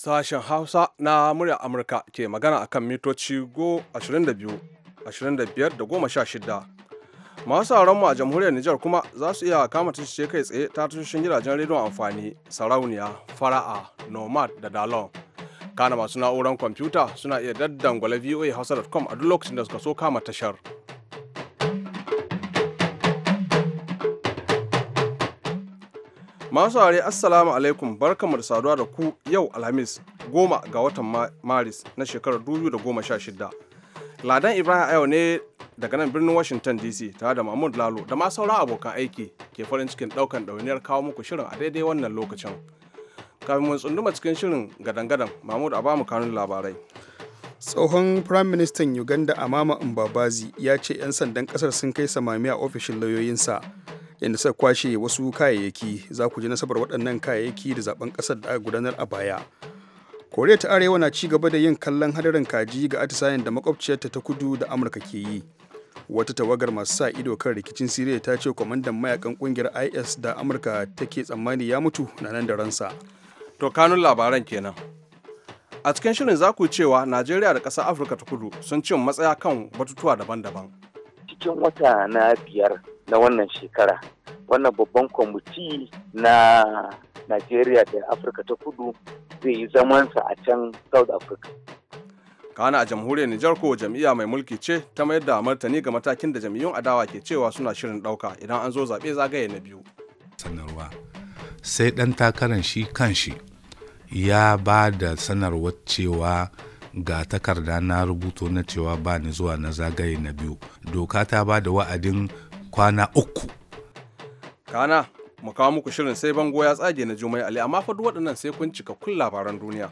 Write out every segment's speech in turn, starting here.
Sashen Hausa na murya Amurka ke magana akan mitoci 22, 25 da 16. Masu mu a jamhuriyar Nijar kuma za su iya kama tashoce kai tsaye ta tashoshin gidajen rediyon amfani, sarauniya, fara'a, nomad da dalon. Kana masu na'uran kwamfuta suna iya daddangwale voa hausa.com a duk lokacin da suka so kama tashar. Masu saurari Assalamu alaikum barkamu da saduwa da ku yau Alhamis goma ga watan Maris na shekarar 2016. Ladan Ibrahim yau ne daga nan birnin Washington DC tare da Mahmud Lalo da ma sauran abokan aiki ke farin cikin daukan ɗauniyar kawo muku shirin a daidai wannan lokacin. Kafin mun tsunduma cikin shirin gadan-gadan Mahmud a bamu kanun labarai. tsohon firaministan uganda amama mbabazi ya ce 'yan sandan kasar sun kai samami a ofishin lauyoyinsa inda suka kwashe wasu kayayyaki za ku ji nasabar waɗannan kayayyaki da zaben ƙasar da aka gudanar a baya koriya ta arewa na ci gaba da yin kallon hadarin kaji ga atisayen da makwabciyarta ta kudu da amurka ke yi wata tawagar masu sa ido kan rikicin siriya ta ce kwamandan mayakan kungiyar is da amurka take tsammani ya mutu na nan da ransa to kanun labaran kenan a cikin shirin za ku cewa najeriya da ƙasar afirka ta kudu sun cin matsaya kan batutuwa daban-daban cikin wata na biyar na wannan shekara wannan babban kwamiti na najeriya da afirka ta kudu zai yi zamansa a can south africa kana a jamhuriyar nijar ko jam'iyya mai mulki ce ta mayar da martani ga matakin da jam'iyyun adawa ke cewa suna shirin ɗauka idan an zo zaɓe zagaye na biyu sanarwa sai ɗan takarar shi kanshi ya ba da sanarwar cewa ga takarda na rubuto na cewa ba ni zuwa na zagaye na biyu doka ta ba da wa'adin kwana uku kana mu kawo muku shirin sai bango ya tsage na jumai ali amma fa duk waɗannan sai kun cika kun labaran duniya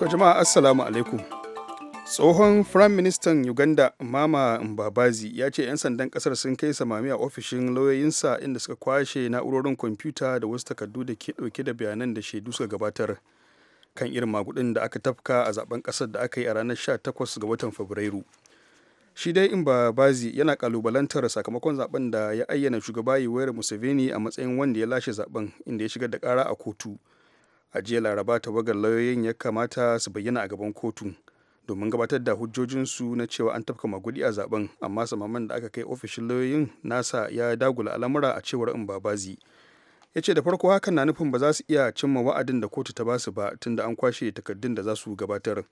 to jama'a assalamu alaikum tsohon firayim ministan uganda mama mbabazi ya ce 'yan sandan kasar sun kai samami a ofishin lauyoyinsa inda suka kwashe na'urorin kwamfuta da wasu takardu da ke dauke da bayanan da shaidu suka gabatar kan irin magudin da aka tafka a zaben kasar da aka yi a ranar 18 ga watan fabrairu shi dai in ba bazi yana kalubalantar sakamakon zaben da ya ayyana shugaba wayar museveni a matsayin wanda ya lashe zaben inda ya shigar da kara a kotu a jiya laraba ta tawagar lauyoyin ya kamata su bayyana a gaban kotu domin gabatar da hujjojinsu na cewa an tafka magudi a zaben amma samaman da aka kai ofishin lauyoyin nasa ya dagula al'amura a cewar in ba bazi ya ce da farko hakan na nufin ba za su iya cimma wa'adin da kotu ta basu ba tun da an kwashe takardun da za su gabatar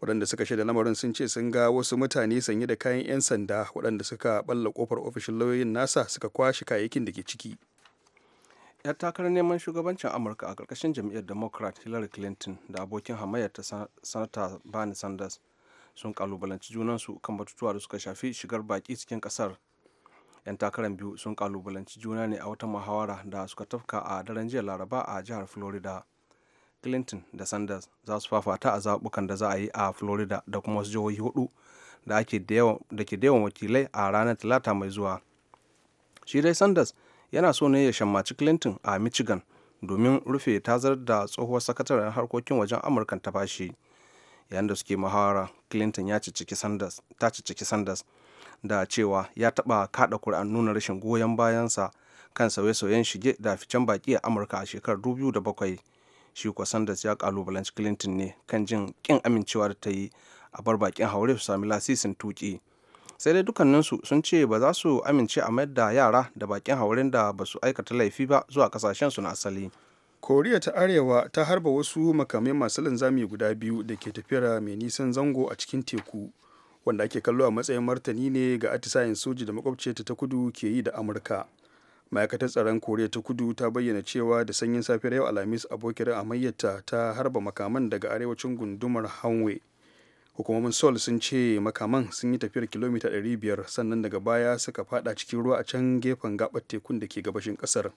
waɗanda suka shaida lamarin sun ce sun ga wasu mutane sanye da kayan 'yan sanda waɗanda suka balla kofar ofishin lauyoyin nasa suka kwashe kayayyakin da ke ciki yar takarar neman shugabancin amurka a ƙarƙashin jam'iyyar democrat hillary clinton da abokin hamayyar ta sanata bernie sanders sun kalubalanci junansu kan batutuwa da suka shafi shigar baki cikin ƙasar 'yan takarar biyu sun kalubalanci juna ne a wata muhawara da suka tafka a daren jiya laraba a jihar florida clinton da sanders za su fafata a zaɓukan da za a yi a florida da kuma wasu jihohi hudu da ke da yawan wakilai a ranar talata mai zuwa shi dai sanders yana so ne ya shammaci clinton a michigan domin rufe tazar da tsohuwar sakataren harkokin wajen amurkan ta bashi yayin da suke muhawara clinton ya ciciki ta cicciki sanders da cewa ya taɓa kaɗa kur'an nuna rashin goyon bayansa kan sauye-sauyen shige da ficen baƙi a amurka a shekarar 2007 shi kuwa sanders ya kalubalanci clinton ne kan jin ƙin amincewa da ta yi a bar baƙin haure su sami lasisin tuƙi sai dai dukkaninsu sun ce ba za su amince a mayar da yara da bakin hauren da ba su aikata laifi ba zuwa ƙasashen su na asali koriya ta arewa ta harba wasu makamai masu linzami guda biyu da ke tafiyar mai nisan zango a cikin teku wanda ake kallo a matsayin martani ne ga atisayen soji da makwabciyarta ta kudu ke yi da amurka ma'aikatar tsaron koriya ta kudu ta bayyana cewa da sanyin safiyar yau alhamis abokiyar amayyata ta harba makaman daga arewacin gundumar hanwe hukumomin sol sun ce makaman sun yi tafiyar kilomita 500 sannan daga baya suka fada cikin ruwa a can gefen gabar tekun da ke gabashin kasar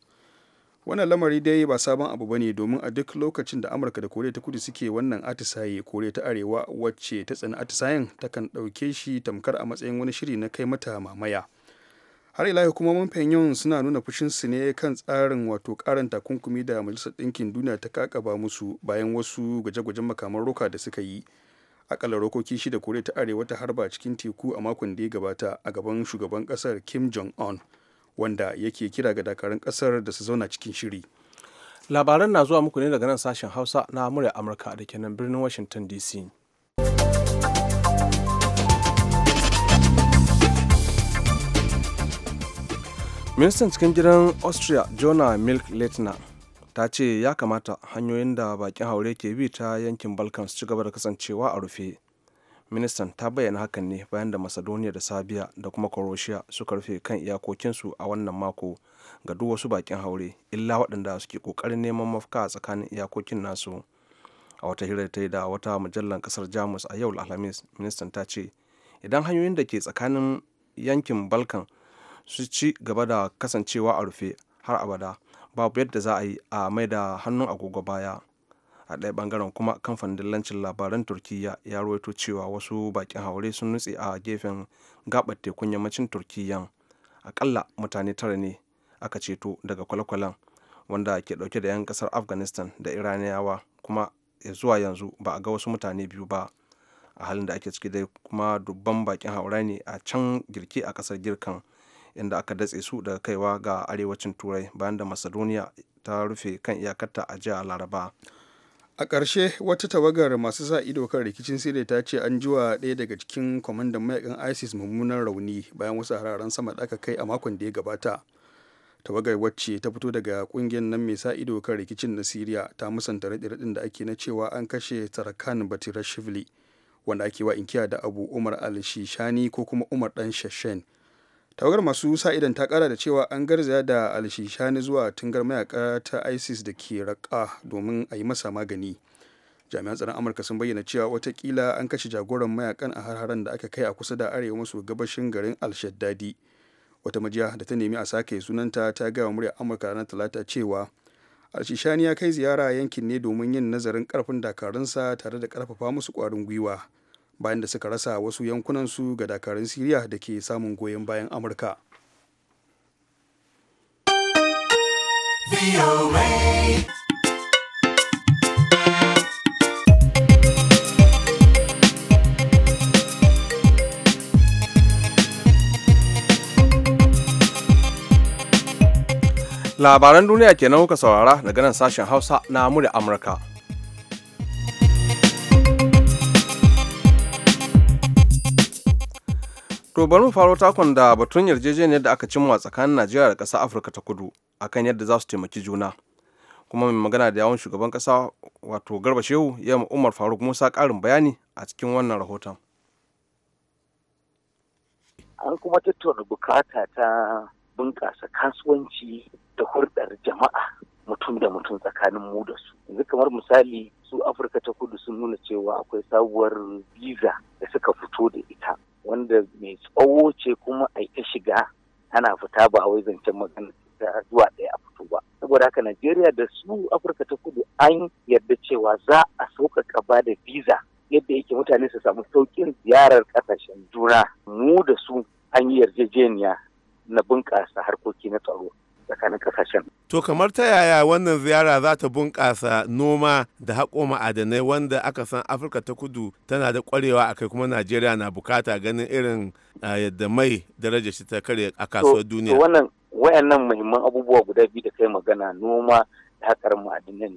wannan lamari dai ba sabon abu bane domin a duk lokacin da amurka da koriya ta kudu suke wannan atisaye koriya ta arewa wacce ta tsani atisayen takan ɗauke shi tamkar a matsayin wani shiri na kai mata mamaya har ila hukumomin pyongyang suna nuna fushin su ne kan tsarin wato karin takunkumi da majalisar ɗinkin duniya ta kakaba musu bayan wasu gwaje-gwajen makaman roka da suka yi akalla rokoki shida koriya ta arewa ta harba cikin teku a makon da ya gabata a gaban shugaban kasar kim jong-un wanda yake kira ga dakarun kasar da su zauna cikin shiri labaran na zuwa muku ne daga nan sashen hausa na murya amurka da ke nan birnin washington dc ministan cikin gidan austria jona milk letner ta ce ya kamata hanyoyin da bakin haure ke bi ta yankin balkan su ci gaba da kasancewa a rufe ministan ta bayyana hakan ne bayan da macedonia da serbia da kuma croatia suka rufe kan iyakokinsu a wannan mako ga duk wasu bakin haure illa waɗanda suke ƙoƙarin neman mafaka a tsakanin iyakokin nasu a wata hirar ta yi da wata mujallar ƙasar jamus a yau alhamis ministan ta ce idan hanyoyin da ke tsakanin yankin balkan su ci gaba da kasancewa a rufe har abada babu yadda za a yi a mai da hannun agogo baya a ɗaya bangaren kuma kamfanin dillancin labaran turkiyya ya ruwaito cewa wasu bakin haure sun nutse a gefen gabar tekun yammacin turkiyya akalla mutane tara ne aka ceto daga kwale-kwalen wanda ke dauke da 'yan kasar afghanistan da iraniyawa kuma zuwa yanzu ba a ga wasu mutane biyu ba a halin da ake ciki dai kuma dubban bakin haura ne a can girki a kasar girkan inda aka datse su daga kaiwa ga arewacin turai bayan da macedonia ta rufe kan iyakarta a jiya laraba a ƙarshe wata tawagar masu sa ido kan rikicin siriya ta ce an jiwa ɗaya daga cikin kwamandan mayakan isis mummunan rauni bayan wasu hararen sama da aka kai a makon da ya gabata tawagar wacce ta fito daga ƙungiyar nan mai sa ido kan rikicin na siriya ta musanta raɗe-raɗin da ake na cewa an kashe tarakan batirashvili wanda ake wa inkiya da abu umar al-shishani ko kuma umar dan shashen tawagar masu sa idan ta kara da cewa an garzaya da alshishani zuwa tungar mayaka ta isis da ke raƙa domin a yi masa magani jami'an tsaron amurka sun bayyana cewa watakila an kashe jagoran mayakan a harharan da aka kai a kusa da arewa maso gabashin garin alshaddadi wata majiya da ta nemi a sake sunanta ta gaya wa muryar amurka ranar talata cewa alshishani ya kai ziyara yankin ne domin yin nazarin karfin dakarunsa tare da karfafa musu kwarin gwiwa bayan da suka rasa wasu yankunansu ga dakarun siriya da ke samun goyon bayan amurka labaran duniya kenan kuka saurara daga nan sashen hausa na amurka To bari mu faro takon da batun yarjejeniyar da aka cimma tsakanin Najeriya da ƙasar Afirka ta Kudu akan yadda za su taimaki juna. Kuma mai magana da yawon shugaban ƙasa wato Garba Shehu ya Umar Faruk Musa ƙarin bayani a cikin wannan rahoton. An kuma tattauna bukata ta bunƙasa kasuwanci da hurɗar jama'a mutum da mutum tsakanin mu da su. Yanzu kamar misali su Afirka ta Kudu sun nuna cewa akwai sabuwar visa da suka fito da ita wanda mai tsawo ce kuma a ita shiga ana fita ba a wai zancen magana ta zuwa ɗaya a fito ba saboda haka najeriya da su afirka ta kudu an yarda cewa za a sauƙaƙa ba da visa yadda yake mutane su samu sauƙin ziyarar ƙasashen juna mu da su an yi yarjejeniya na bunƙasa harkoki na tsaro tsakanin kasashen. To kamar ta yaya wannan ziyara za ta bunƙasa noma da haƙo ma'adanai wanda aka san Afirka ta kudu tana da ƙwarewa a kai kuma Najeriya na bukata ganin irin yadda mai daraja shi ta karya a kasuwar duniya. Wannan wayannan muhimman abubuwa guda biyu da kai magana noma da haƙar ma'adanai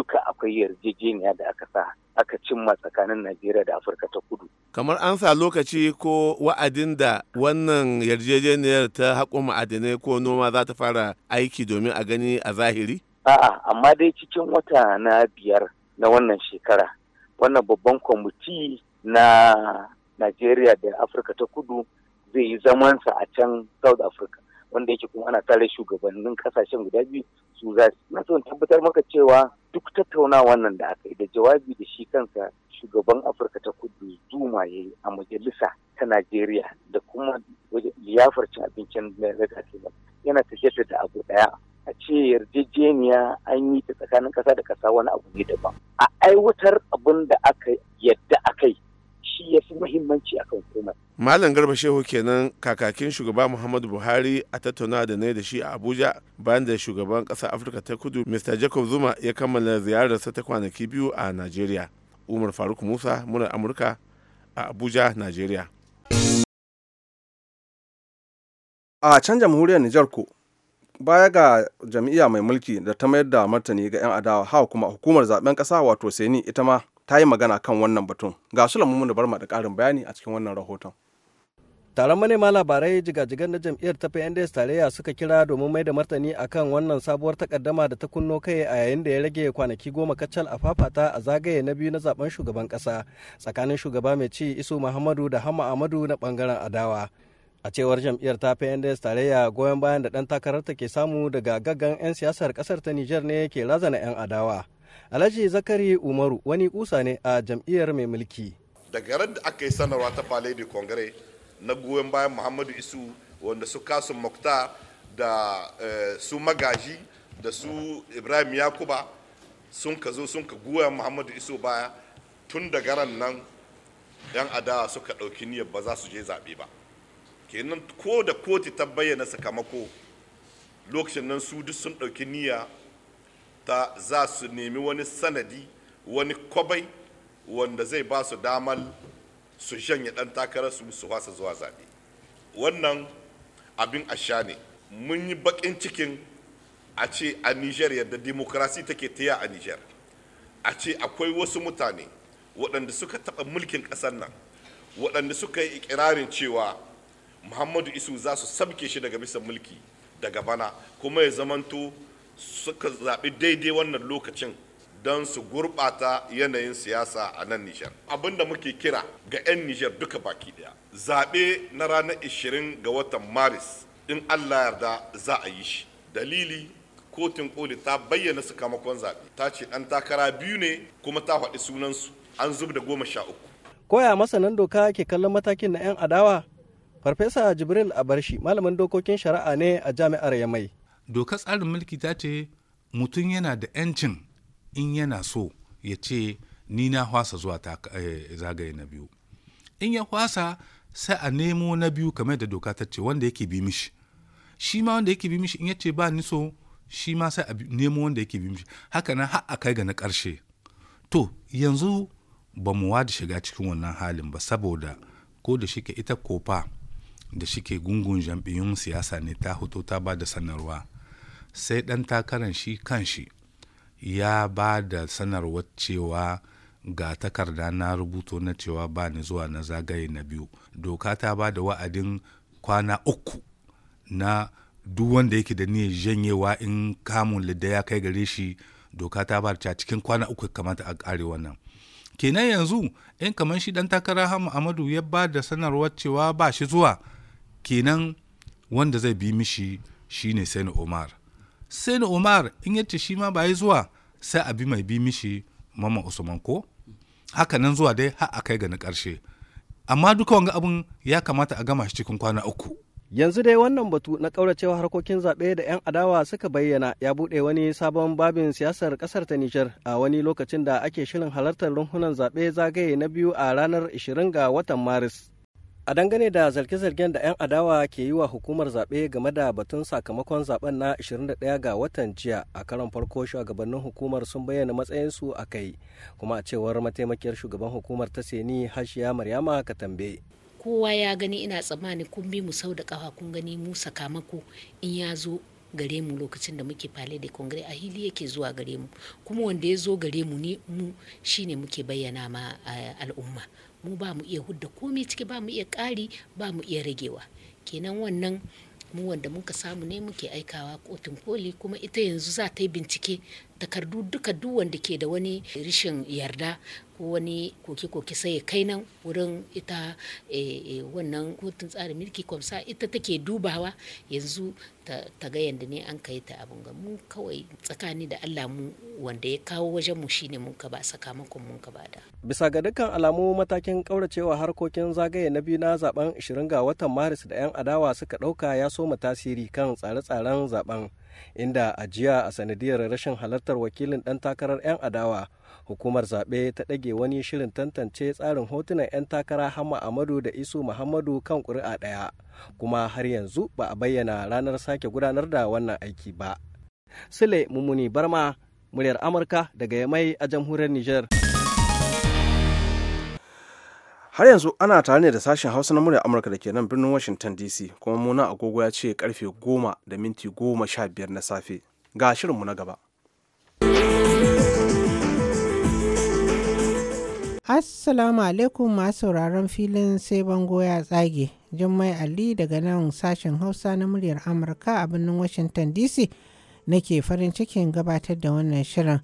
duka akwai yarjejeniya da aka sa aka cimma tsakanin Najeriya da Afirka ta Kudu. Kamar an sa lokaci ko wa'adin da wannan yarjejeniyar ta haƙo ma'adinai ko noma za ta fara aiki domin a gani a zahiri? A'a, amma dai cikin wata na biyar na wannan shekara, wannan babban kwamiti na Najeriya da Afirka ta Kudu zai yi zamansa a can South Africa. wanda yake kuma ana tare shugabannin kasashen guda biyu su za su na son tabbatar maka cewa duk tattaunawa nan da aka yi da jawabi da shi kansa shugaban afirka ta kudu zuma ya a majalisa ta najeriya da kuma liyafar cin abincin da ake ba yana tafiya da abu daya a ce yarjejeniya an yi ta tsakanin kasa da kasa wani abu ne daban a aiwatar abin da aka yadda aka yi shi ya fi muhimmanci kan komai. Malam Garba Shehu kenan kakakin shugaba Muhammadu Buhari a tattauna da ne da shi a Abuja bayan da shugaban ƙasar Afirka ta Kudu Mr. Jacob Zuma ya kammala ziyararsa ta kwanaki biyu a Najeriya. Umar Faruk Musa, murar Amurka a Abuja, Najeriya. A can jamhuriyar Nijar ko baya ga jam'iyya mai mulki da ta mayar da martani ga 'yan adawa hawa kuma hukumar zaben ƙasa wato Seni ita ma ta yi magana kan wannan batun ga su lamu da barma da ƙarin bayani a cikin wannan rahoton taron manema labarai jigajigan na jam'iyyar ta pnds tarayya suka kira domin mai da martani akan wannan sabuwar takaddama da ta kunno kai a yayin da ya rage kwanaki goma kacal a fafata a zagaye na biyu na zaben shugaban kasa tsakanin shugaba mai ci iso muhammadu da hama amadu na bangaren adawa a cewar jam'iyyar ta pnds tarayya goyon bayan da dan takararta ke samu daga gaggan 'yan siyasar kasar ta niger ne ke razana 'yan adawa Alhaji Zakari Umaru wani kusa ne a jam'iyyar mai mulki. Daga ran da aka yi sanarwa ta Palais Kongare na goyon bayan Muhammadu Isu wanda su kasu Mokta da eh, su magaji da su Ibrahim Yakuba sun ka zo sun ka goya Muhammadu Isu baya tun daga ran nan 'yan adawa suka ɗauki niyyar ba za su je zaɓe ba. Kenan ko da koti ta bayyana sakamako lokacin nan su duk sun ɗauki niyya ta za su nemi wani sanadi wani kwabai wanda zai ba su damar su shanye ɗan takarar su su wasa zuwa zaɓe wannan abin asha ne mun yi baƙin cikin a ce a niger yadda demokrasi take taya a niger a ce akwai wasu mutane waɗanda suka taɓa mulkin ƙasar nan waɗanda suka yi ikirarin cewa muhammadu isu za su sabke shi daga bisa mulki daga bana kuma ya zamanto suka zaɓi daidai wannan lokacin don su gurɓata yanayin siyasa a nan Nijar. Abinda muke kira ga 'yan Nijar duka baki ɗaya. Zaɓe na ranar 20 ga watan Maris in Allah yarda za a yi shi. Dalili kotun koli ta bayyana su kamakon zaɓe. Ta ce ɗan takara biyu ne kuma ta faɗi sunansu an zub da goma sha uku. Koya masanan doka ke kallon matakin na 'yan adawa? Farfesa Jibril Abarshi malamin dokokin shari'a ne a jami'ar Yamai. dokar tsarin mulki ta ce mutum yana da 'yancin in yana so ya ce ni na hwasa zuwa eh, zagaye na biyu in ya hwasa sai a nemo na biyu kamar da doka ta ce wanda yake bi mishi shi ma wanda yake bi mishi in ya ce ba ni so shi ma sai a nemo wanda yake bi mishi haka nan har a kai ga na karshe to yanzu ba mu wada shiga cikin wannan halin ba saboda ko da shike ita kofa da shike gungun jam'iyyun siyasa ne ta hoto ta ba da sanarwa sai ɗan takarar shi kanshi ya ba da sanarwar cewa ga takarda na rubuto na cewa ba ni zuwa na zagaye na biyu doka ta ba da wa'adin kwana uku na duk wanda yake da niyyar janyewa in kamun lidda ya kai gare shi doka ta ba ta cikin kwana uku kamata a kare wannan kenan yanzu in kamar shi dan takara hamu amadu ya ba da sanarwar cewa ba shi zuwa kenan wanda zai bi mishi shine sani umar sai ni umar in yace shi ma ba zuwa sai a bi mai bi mishi mama usman ko haka nan zuwa dai har a kai ga na ƙarshe amma duka wanga abun ya kamata a gama shi cikin kwana uku yanzu dai wannan batu na kauracewa harkokin zaɓe da 'yan adawa suka bayyana ya buɗe wani sabon babin siyasar kasar ta nijar a wani lokacin da ake shirin halartar runhunan zaɓe zagaye na biyu a ranar 20 ga watan maris a dangane da zarge-zargen da 'yan adawa ke yi wa hukumar zaɓe game da batun sakamakon zaɓen na 21 ga watan jiya a karon farko shugabannin hukumar sun bayyana matsayinsu a kai kuma a cewar mataimakiyar shugaban hukumar ta seni hashiya maryama katambe kowa ya gani ina tsammani kun bi mu sau da kafa kun gani mu sakamako in ya zo gare mu lokacin da muke fale da kongre a hili yake zuwa gare mu kuma wanda ya zo gare mu ne mu shine muke bayyana ma eh, al'umma mu ba mu iya hudda komai ciki ba mu iya ƙari ba mu iya ragewa kenan wannan mu wanda muka samu ne muke aikawa kotun koli kuma ita yanzu za ta yi bincike takardu duka duk wanda ke da wani rishin yarda wani koke-koke sai ya kai nan wurin ita eh, eh, wannan kotun tsarin mulki kwamsa ita take dubawa yanzu ta ga yadda ne an kai ta abin ga mu kawai tsakani da Allah mu wanda ya kawo wajen mu shine mun ka ba sakamakon mun ka ba da bisa ga dukkan alamu matakin kauracewa harkokin zagaye na biyu na zaben 20 ga watan maris da yan adawa suka dauka ya soma tasiri kan tsare-tsaren zaben inda ajiya a sanadiyar rashin halartar wakilin dan takarar yan adawa hukumar zaɓe ta ɗage wani shirin tantance tsarin hotunan 'yan takara hama amadu da isu muhammadu kan ƙuri'a ɗaya kuma har yanzu ba a bayyana ranar sake gudanar da wannan aiki ba sule mummuni barma muryar amurka daga yamai a jamhuriyar niger har yanzu ana tare ne da sashen hausa na muryar amurka da ke nan birnin washington dc kuma muna agogo ya ce karfe goma da minti goma sha biyar na safe ga shirinmu na gaba Assalamu alaikum masu sauraron filin sai bango ya tsage. Jummai Ali daga nan sashen Hausa na muryar Amurka a birnin Washington DC nake farin cikin gabatar da wannan shirin.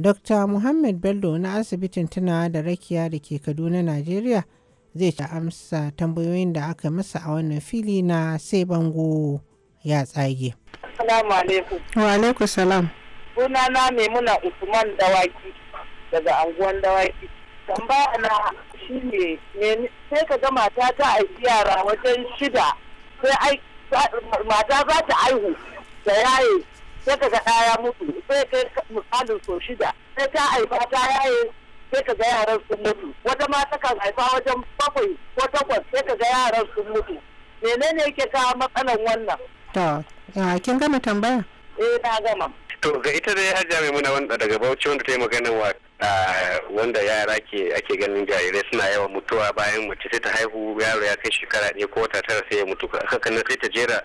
Dr. Muhammad Bello na asibitin tunawa da rakiya da ke Kaduna, Najeriya zai ci amsa tambayoyin da aka masa a wannan fili na sai bango ya tsage. Assalamu alaikum. Wa alaikum salam. Sunana Maimuna Usman Dawaki daga anguwan Dawaki tambaya na shi ne sai ka ga mata ta aiki yara wajen shida sai mata za ta aihu da yaye sai ka ga ɗaya mutu sai kai misalin so shida sai ta aifa ta yaye sai ka ga yaran sun mutu wata ma kan haifa wajen bakwai ko takwas sai ka ga yaran sun mutu menene yake kawo matsalan wannan to kin gama tambaya eh na gama to ga ita dai hajjami muna wanda daga Bauchi wanda ta yi maganin wa wanda yara ke ake ganin jarirai suna yawan mutuwa bayan mace sai ta haihu yaro ya kai shekara ɗaya ko wata tara sai ya mutu hakan nan sai ta jera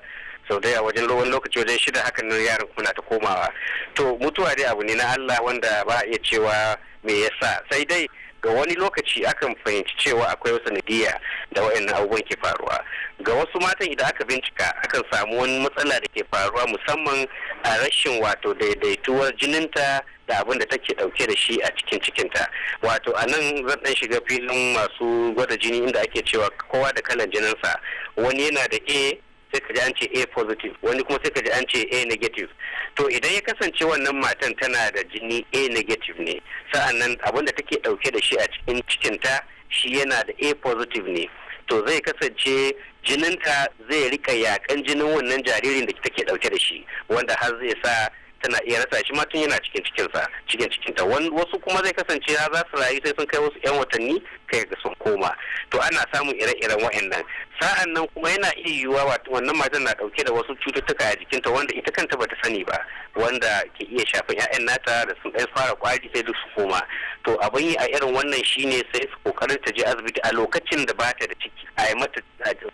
sau da wajen lowan lokaci wajen shida hakan nan yaran kuma na ta komawa to mutuwa dai abu ne na Allah wanda ba a iya cewa me yasa sai dai ga wani lokaci akan fahimci cewa akwai sanadiyya da waɗannan abubuwan ke faruwa ga wasu matan idan aka bincika akan samu wani matsala da ke faruwa musamman a rashin wato daidaituwar jininta da abin da take dauke da shi a cikin cikinta wato a nan zan dan shiga filin masu gwada jini inda ake cewa kowa da kalan jininsa wani yana da a sai ka ji an ce a positive wani kuma sai ka ji an ce a negative to idan ya kasance wannan matan tana da jini a negative ne sa'annan abin da take dauke da shi a cikin cikinta shi yana da a positive ne to zai kasance jininta zai rika yakan jinin wannan jaririn da take dauke da shi wanda har zai sa tana iya rasa shi ma tun yana cikin cikinsa cikin cikinta wasu kuma zai kasance za su rayu sai sun kai wasu 'yan watanni kai ga sun koma to ana samun ire-iren wa'annan sa'an nan kuma yana iya yiwuwa wato wannan matan na dauke da wasu cututtuka a jikinta wanda ita kanta bata sani ba wanda ke iya shafin 'ya'yan nata da sun ɗan fara kwari sai duk su koma to abin yi a irin wannan shine sai su kokarin ta je asibiti a lokacin da bata da ciki a yi mata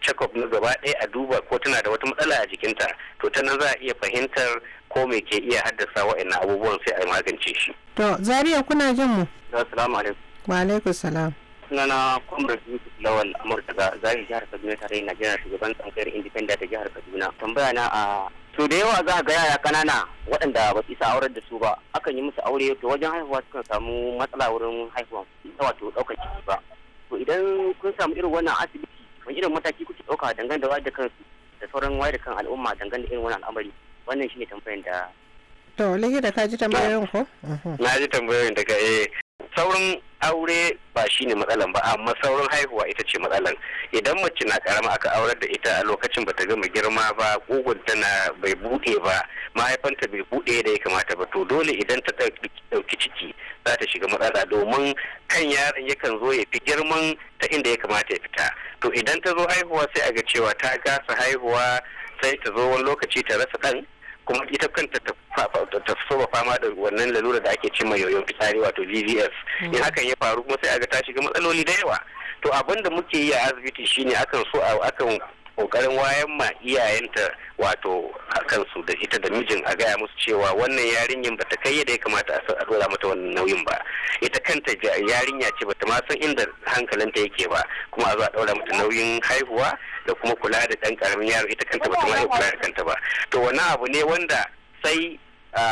check up na gaba ɗaya a duba ko tana da wata matsala a jikinta to ta nan za a iya fahimtar ko me ke iya haddasa wa'in abubuwan sai a magance shi. To Zaria kuna jin mu? Assalamu alaikum. Wa alaikum salam. Sunana Comrade Yusuf Lawal Amurka ga zari jihar Kaduna tare na jihar shugaban tsankar Independent da jihar Kaduna. Tambaya na a to da yawa za gaya ya kanana waɗanda ba su isa aurar da su ba akan yi musu aure to wajen haihuwa sukan samu matsala wurin haihuwa wato ɗaukar ciki ba. To idan kun samu irin wannan asibiti wani irin mataki kuke ɗauka dangane da wayar da kansu da sauran wayar da kan al'umma dangane da irin wannan al'amari. wannan shine tambayan da to likita ka ji tambayoyin ko na ji tambayoyin daga eh saurin aure ba shine matsalan ba amma saurin haihuwa ita ce matsalan idan mace na karama aka aurar da ita a lokacin bata gama girma ba kugun tana bai bude ba mahaifanta bai bude da ya kamata ba to dole idan ta dauki ciki za ta shiga matsala domin kan yaron yakan zo ya fi girman ta inda ya kamata ya fita to idan ta zo haihuwa sai a ga cewa ta gasa haihuwa sai ta zo wani lokaci ta rasa kan. kuma ita kanta ta saba fama da wannan lalura da ake cimma yoyon fitsari wato vvf in hmm. hakan ya faru kuma sai a ga ta shiga matsaloli da yawa to abin da muke yi a asibiti shine akan so a akan kokarin wayan ma iyayenta wato kansu da ita da mijin a gaya musu cewa wannan yarinyar ta kai yadda ya kamata a dora mata wannan nauyin ba ita kanta yarinya ce ta ma san inda hankalinta yake ba kuma a zo a daura mata nauyin haihuwa da kuma kula da ɗan ƙaramin yaro ita kanta bata ma kula da kanta ba to wani abu ne wanda sai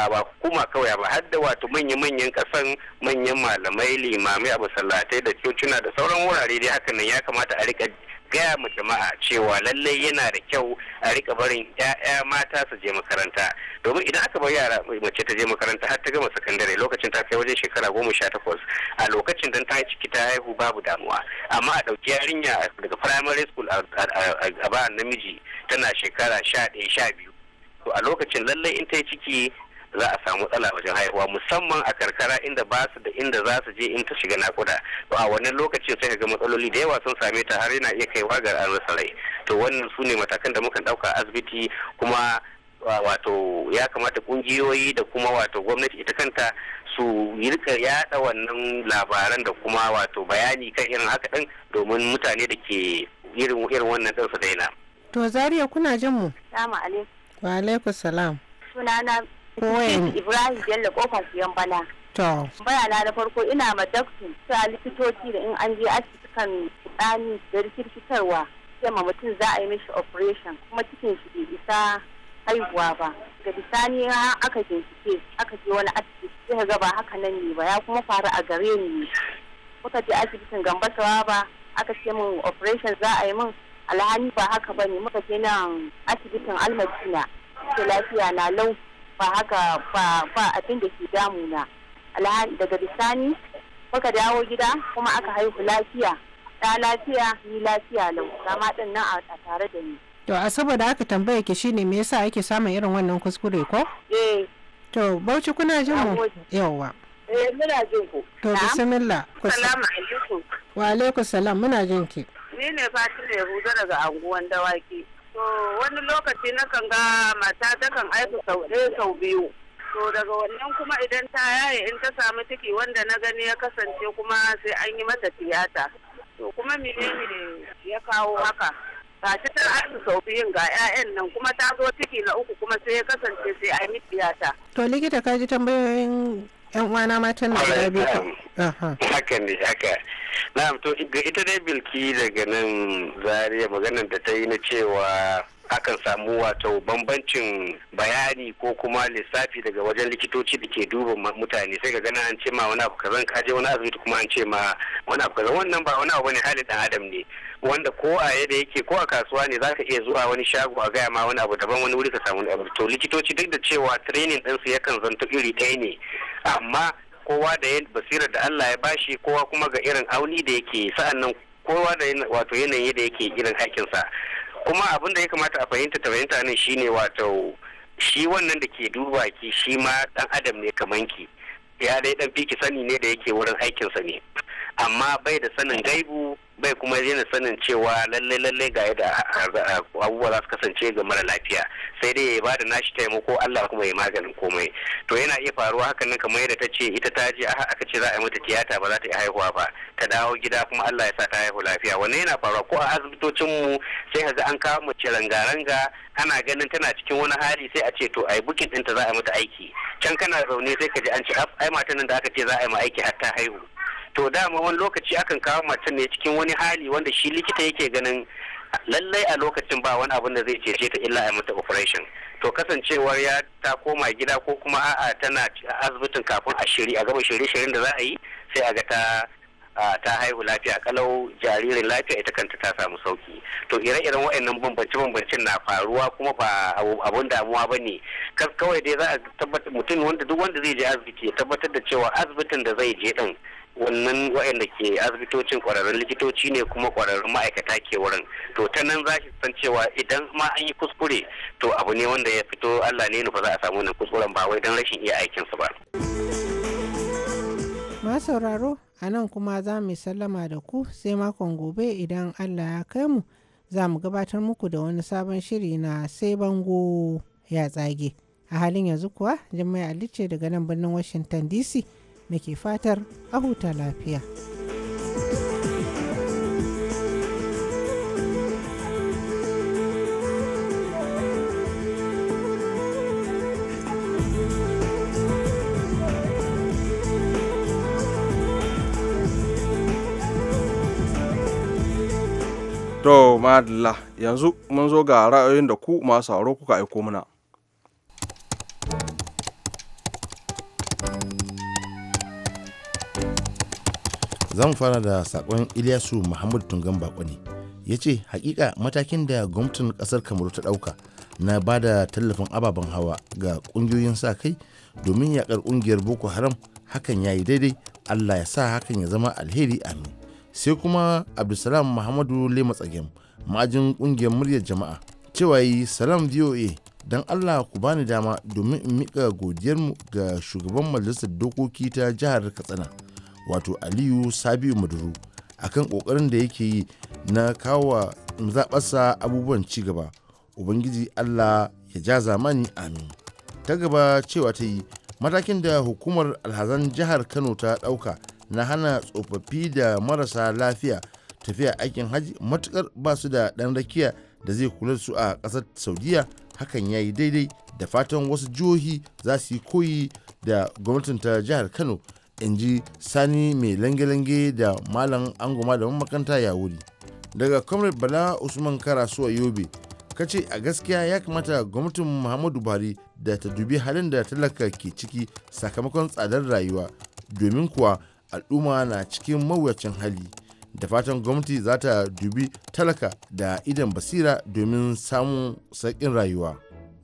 ba hukuma kawai ba har da wato manya-manyan kasan manyan malamai limamai a masallatai da cocina da sauran wurare dai hakan nan ya kamata a rika gaya mu jama'a cewa lallai yana da kyau a rika barin 'ya'ya mata su je makaranta domin idan aka bar yara mace ta je makaranta har ta gama sakandare lokacin ta kai wajen shekara goma sha takwas a lokacin dan ta ciki ta haihu babu damuwa amma a ɗauki yarinya daga primary school a ba namiji tana shekara sha ɗaya sha biyu to a lokacin lallai in ta yi ciki za a samu matsala wajen haihuwa musamman a karkara inda ba su da inda za su je in ta shiga nakuda to a wannan lokaci sai ga matsaloli da yawa sun same ta har yana iya kaiwa ga an rasa rai to wannan su ne matakan da muka dauka asibiti kuma wato ya kamata kungiyoyi da kuma wato gwamnati ita kanta su rika yada wannan labaran da kuma wato bayani kan irin haka din domin mutane da ke irin irin wannan din su daina to zaria kuna jin mu salamu alaikum wa alaikum salam sunana Koyin. Ibrahim Bello kofar siyan bala. To. Bayana na farko ina ma daktu ta likitoci da in an je asibiti kan ɗani da rikirkitarwa. Sai ma mutum za a yi mishi operation kuma cikin shi bai isa haihuwa ba. Da bisani aka bincike aka je wani asibiti sai ga ba haka nan ne ba ya kuma faru a gare ni. Muka je asibitin Gambasawa ba aka ce min operation za a yi min alhani ba haka ba ne muka je nan asibitin almadina. Lafiya na lau ba haka ba abin da ke damuna daga bisani muka dawo gida kuma aka haihu lafiya ta lafiya ni lafiya lau dama din nan a tare da ni to a saboda aka tambaya ki shine me yasa ake samun irin wannan kuskure ko eh to bauchi kuna jin mu yawa eh muna jin ku to bismillah assalamu alaikum wa alaikum salam muna jin ki ni ne fatima yahuda daga anguwan dawaki To wani lokaci na kan ga mata ta kan aika sau ɗaya sau biyu. To daga wannan kuma idan ta yaye in ta samu ciki wanda na gani ya kasance kuma sai an yi mata tiyata. To kuma menene ya kawo haka? ba ta aiki sau biyun ga 'ya'yan nan kuma ta zo ciki na uku kuma sai ya kasance sai an yi tiyata. To likita ka ji tambayoyin yan uwana matan ya guda biyu haka ne haka na'am to ga ita dai bilki daga nan zaria maganar da ta yi na cewa akan samu wato bambancin bayani ko kuma lissafi daga wajen likitoci da ke duba mutane sai ga gana an ce ma wani abu kaza kaje wani asibiti kuma an ce ma wani abu kaza wannan ba wani abu bane hali dan adam ne wanda ko a yadda yake ko a kasuwa ne zaka iya zuwa wani shago a gaya ma wani abu daban wani wuri ka samu abu to likitoci duk da cewa training ɗinsu yakan zanto iri ɗaya ne amma kowa da basirar da Allah ya bashi kowa kuma ga irin auni da yake sa'an nan kowa da wato yanayi da yake irin aikinsa kuma abin da ya kamata a fahimta ta fahimta nan shine wato shi wannan da ke duba ki shi ma dan adam ne kaman ki ya dai dan fiki sani ne da yake wurin sa ne amma bai da sanin gaibu bai kuma yana sanin cewa lalle lalle ga yadda abubuwa za su kasance ga mara lafiya sai dai ya bada nashi taimako Allah kuma ya maganin komai to yana iya faruwa hakan nan kamar yadda ta ce ita ta je aka ce za a yi mata tiyata ba za ta yi haihuwa ba ta dawo gida kuma Allah ya sa ta haihu lafiya wannan yana faruwa ko a asibitocin mu sai ka ga an kawo mace ranga-ranga ana ganin tana cikin wani hali sai a ce to ai bukin ɗinta za a yi mata aiki can kana zaune sai ka ji an ce ai matan nan da aka ce za a yi ma aiki har ta haihu to dama wani lokaci akan kawo mutum ne cikin wani hali wanda shi likita yake ganin lallai a lokacin ba wani abin da zai cece ta illa a mata operation to kasancewar ya ta koma gida ko kuma a'a tana asibitin kafin a shiri a gaba shirye-shiryen da za a yi sai a ga ta ta haihu lafiya kalau jaririn lafiya ita kanta ta samu sauki to ire-iren waɗannan bambance bambancin na faruwa kuma ba abun damuwa ba ne kawai dai za a tabbatar mutum wanda duk wanda zai je asibiti ya tabbatar da cewa asibitin da zai je din wannan waɗanda ke asibitocin kwararrun likitoci ne kuma kwararrun ma'aikata ke wurin to ta nan za ki san cewa idan ma an yi kuskure to abu ne wanda ya fito allah ne nufa za a samu wannan kuskuren ba wai don rashin iya aikinsu ba. ma sauraro a nan kuma za mu sallama da ku sai makon gobe idan allah ya kai mu za mu gabatar muku da wani sabon shiri na sai bango ya tsage a halin yanzu kuwa jimai alice daga nan birnin washington dc muke fatar a huta lafiya. To, madalla yanzu mun zo ga ra'ayoyin da ku masu sauro kuka aiko mana. za mu fara da sakon ilyasu muhammad tungan bako ya ce hakika matakin da gwamnatin kasar kamaru ta dauka na ba da tallafin ababen hawa ga kungiyoyin sa kai domin yakar kungiyar boko haram hakan ya yi daidai allah ya sa hakan ya zama alheri amin sai kuma abdulsalam muhammadu lema tsagem ma'ajin kungiyar muryar jama'a cewa yi salam voa don allah ku bani dama domin in miƙa godiyarmu ga shugaban majalisar dokoki ta jihar katsina wato aliyu sabiu maduru akan kokarin da yake yi na kawo zaɓarsa abubuwan ci gaba ubangiji allah ya ja zamani amin ta gaba cewa ta yi matakin da hukumar alhazan jihar kano ta ɗauka na hana tsofaffi da marasa lafiya tafiya aikin hajji matukar ba su da ɗan rakiya da zai kula su a ƙasar saudiya hakan ya yi daidai da fatan wasu jihohi za su yi koyi da gwamnatin ta jihar kano in ji sani mai lange-lange da malam angoma da makanta ya wuri daga comrade bala usman karasuwa yobe ka ce a gaskiya ya kamata gwamnatin muhammadu buhari da ta dubi halin da talaka ke ciki sakamakon tsadar rayuwa domin kuwa al'umma na cikin mawuyacin hali da fatan gwamnati za ta dubi talaka da idan basira domin samun sauƙin rayuwa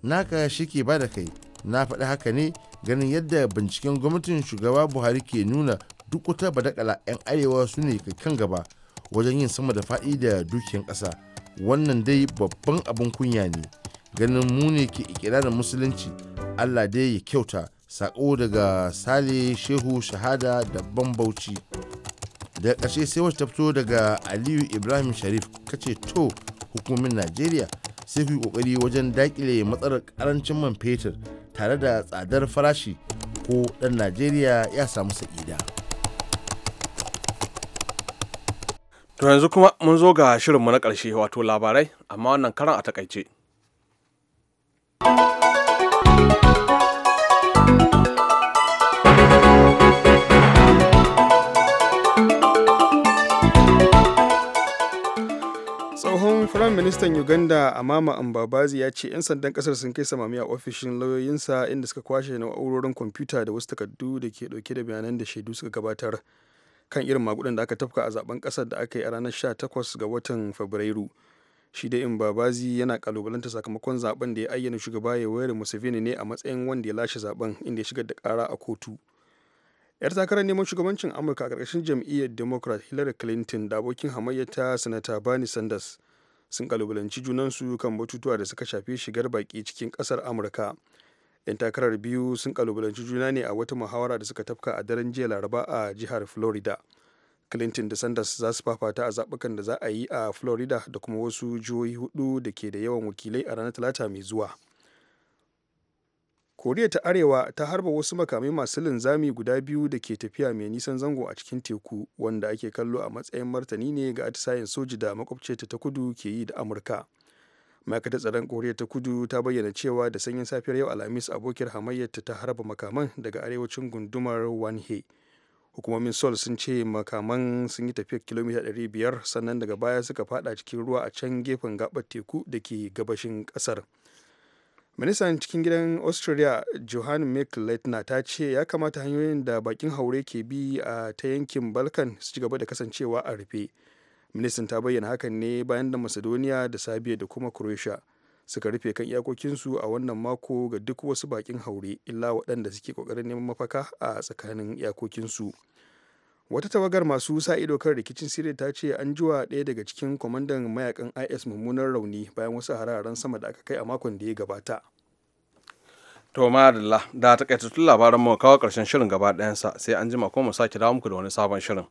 naka shi ke ba da kai na faɗi haka ne ganin yadda binciken gwamnatin shugaba buhari ke nuna duk wata badakala 'yan arewa su ne kan gaba wajen yin sama da faɗi da dukiyar ƙasa wannan dai babban abin kunya ne ganin mu ne ke ikirarin musulunci allah dai ya kyauta sako daga sale shehu shahada da bambauci da ƙarshe sai wata fito daga aliyu ibrahim sharif kace to hukumin najeriya sai ku kokari wajen dakile matsalar karancin man fetur tare da tsadar farashi ko dan najeriya ya samu sa'ida to yanzu kuma mun zo ga shirinmu na ƙarshe wato labarai amma wannan karan a takaice. ministan Uganda Amama Ambabazi ya ce 'yan sandan kasar sun kai samami a ofishin lauyoyinsa inda suka kwashe na'urorin kwamfuta da wasu takardu da ke dauke da bayanan da shaidu suka gabatar kan irin magudan da aka tafka a zaben kasar da aka yi a ranar 18 ga watan Fabrairu. Shi da Imbabazi yana kalubalanta sakamakon zaben da ya ayyana shugaba Yoweri Museveni ne a matsayin wanda ya lashe zaben inda ya shigar da kara a kotu. 'yar takarar neman shugabancin amurka a ƙarƙashin jam'iyyar democrat hillary clinton da abokin hamayyata sanata bernie sanders sun kalubalanci su kan batutuwa da suka shafi shigar baki cikin kasar amurka yan takarar biyu sun kalubalanci juna ne a wata muhawara da suka tafka a daren jiya laraba a jihar florida clinton da sanders za su fafata a zaɓukan da za a yi a florida da kuma wasu jihohi hudu da ke da yawan wakilai a ranar talata mai zuwa koriya ta arewa ta harba wasu makamai masu linzami guda biyu da ke tafiya mai nisan zango a cikin teku wanda ake kallo a matsayin martani ne ga atisayen soji da makwabce ta kudu ke yi da amurka ma'aikatar tsaron koriya ta kudu ta bayyana cewa da sanyin safiyar yau alhamis abokiyar hamayyarta ta harba makaman daga arewacin gundumar wanhe hukumomin sol sun ce makaman sun yi tafiyar kilomita 500 sannan daga baya suka fada cikin ruwa a can gefen gabar teku da ke gabashin kasar ministan cikin gidan australia johan mcleitner ta ce ya kamata hanyoyin da bakin haure ke bi a ta yankin balkan su ci gaba da kasancewa a rufe ministan ta bayyana hakan ne bayan da macedonia da sabia da kuma croatia suka rufe kan iyakokinsu a wannan mako ga duk wasu bakin haure illa waɗanda suke ƙoƙarin neman mafaka a tsakanin iyakokinsu. wata tawagar masu sa ido kan rikicin siriya ta ce an jiwa ɗaya daga cikin kwamandan mayakan is mummunan rauni bayan wasu hararen sama da aka kai a makon da ya gabata to ma da takaitattun labaran mu kawo karshen shirin gaba ɗayansa sai an jima ko mu sake dawo muku da wani sabon shirin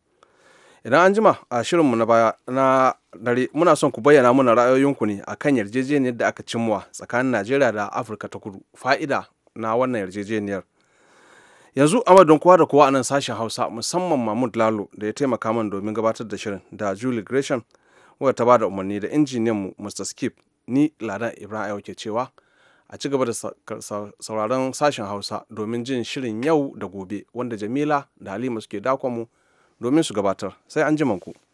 idan an jima a shirinmu na baya na dare muna son ku bayyana mana ra'ayoyinku ne akan yarjejeniyar da aka cimma tsakanin najeriya da afirka ta kudu fa'ida na wannan yarjejeniyar yanzu amma don kowa da kowa a nan sashen hausa musamman mahmud lalo da ya taimaka min domin gabatar da shirin da julie gresham wadda ta da umarni da injiniyan mu mr skip ni ladan ibrahim ke cewa a ci gaba da sauraron sashen hausa domin jin shirin yau da gobe wanda jamila da halima suke dakon mu domin su gabatar sai an ku.